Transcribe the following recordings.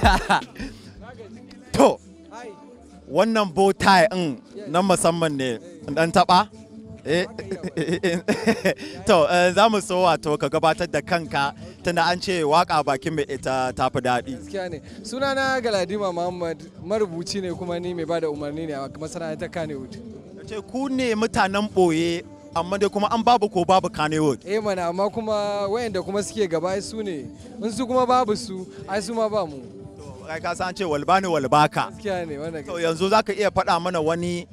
to wannan bota in na musamman ne dan taba eh, to eh, za mu so wato ka gabatar da kanka tunda an ce waka bakin mai ita ta fi daɗi. Gaskiya ne. Sunana Galadima Muhammad marubuci ne kuma ni mai bada umarni ne a masana'antar Kanewood. Ce ku ne mutanen ɓoye amma dai kuma an babu ko babu Kanewood. Eh mana amma kuma wayanda kuma suke gaba su ne in su kuma babu su ai su ma ba mu. ai ka san ce walba ne walbaka to yanzu zaka iya faɗa mana wani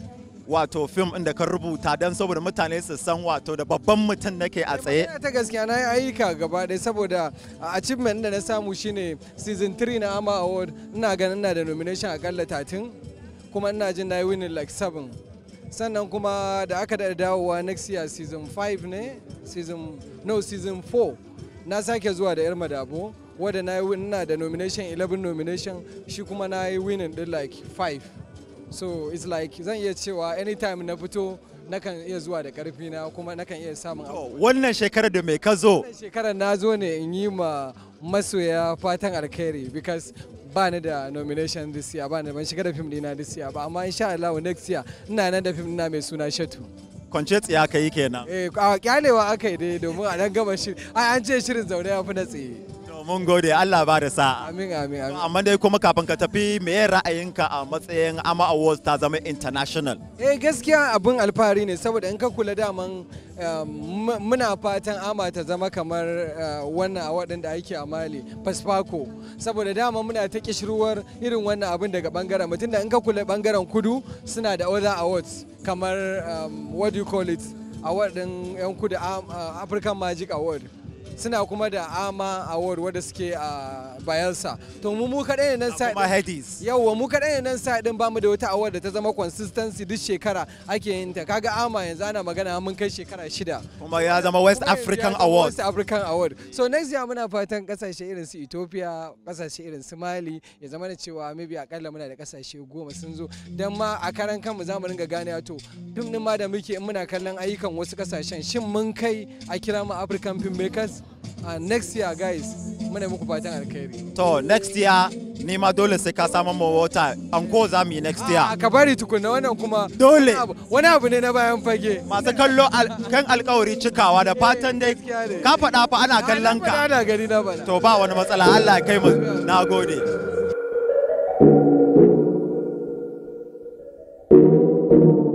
wato fim inda ka rubuta don saboda mutane su san wato da babban mutum nake a tsaye ta gaskiya na yi ayyuka gaba ɗaya saboda achievement da na samu shine season 3 na ama award ina ganin na da nomination a akalla 30 kuma ina jin na yi winning like 7 sannan kuma da aka da dawowa next year season 5 ne season no season 4 na sake zuwa da yar madabo wadda na yi na da nomination 11 nomination shi kuma na yi winning din like 5 so it's like zan iya cewa anytime na fito nakan iya zuwa da karfi na kuma nakan iya samun abu wannan shekarar da mai ka zo wannan shekarar na zo ne in yi ma masoya fatan alkhairi because ba ni da nomination this year ba ni ban shiga da film dina this year ba amma insha Allah next year ina nan da film dina mai suna Shatu kwance tsiya ka yi kenan eh a kyalewa aka yi dai domin a nan gaba shi an ce shirin zaune ya fi na tsaye Mun gode Allah ba da sa'a. Amin amin amin. Amma dai kuma kafin ka tafi me ra'ayinka a matsayin Ama Awards ta zama international? Eh gaskiya abin alfahari ne saboda in ka kula daman um, muna fatan Ama ta zama kamar uh, wannan a waɗanda ake a Mali Fasfako saboda dama muna ta kishirwar irin wannan abin daga bangaren mutum da in ka kula bangaren kudu suna da other awards kamar um, what do you call it a din yan kudu um, uh, African Magic Award suna kuma da ama award wadda suke a bayansa to mu mu kaɗai nan sa kuma yawa mu kaɗai nan sa din mu da wata award da ta zama consistency duk shekara ake yin ta kaga ama yanzu ana magana mun kai shekara shida kuma ya zama West African Award West African Award so next year muna fatan kasashe irin su Ethiopia kasashe irin su Mali ya zama da cewa maybe akalla muna da kasashe goma sun zo dan ma a karan kanmu za mu ringa gane to duk ma da muke in muna kallon ayyukan wasu kasashen shin mun kai a kira mu African filmmakers uh, next year guys muna muku fatan alkhairi to next year ni ma dole sai ka samu mu wata anko za mu yi next ah, year ka bari tukunna wannan kuma dole wani abu ne na bayan fage masu kallo kan alkawari cikawa da fatan dai eh, ka faɗa fa ana kallon ka to ba wani matsala Allah ya kai mu nagode thank you